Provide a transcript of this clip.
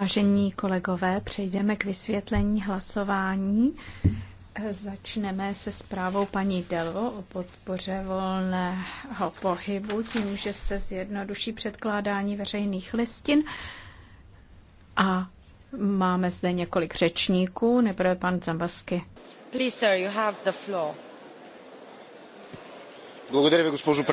Vážení kolegové, přejdeme k vysvětlení hlasování. Začneme se zprávou paní Delvo o podpoře volného pohybu, tím, že se zjednoduší předkládání veřejných listin. A máme zde několik řečníků. Nejprve pan Zambasky. Please, sir, you have the floor.